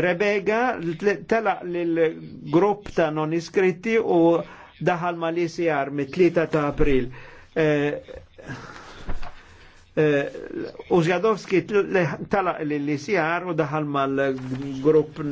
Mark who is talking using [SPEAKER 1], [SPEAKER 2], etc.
[SPEAKER 1] Rebega tela l-grupp ta' non iskritti u daħal ma l-ICR mit-3 ta' april. Eh, eh, Użjadowski tala l-ICR
[SPEAKER 2] u daħal ma l-grupp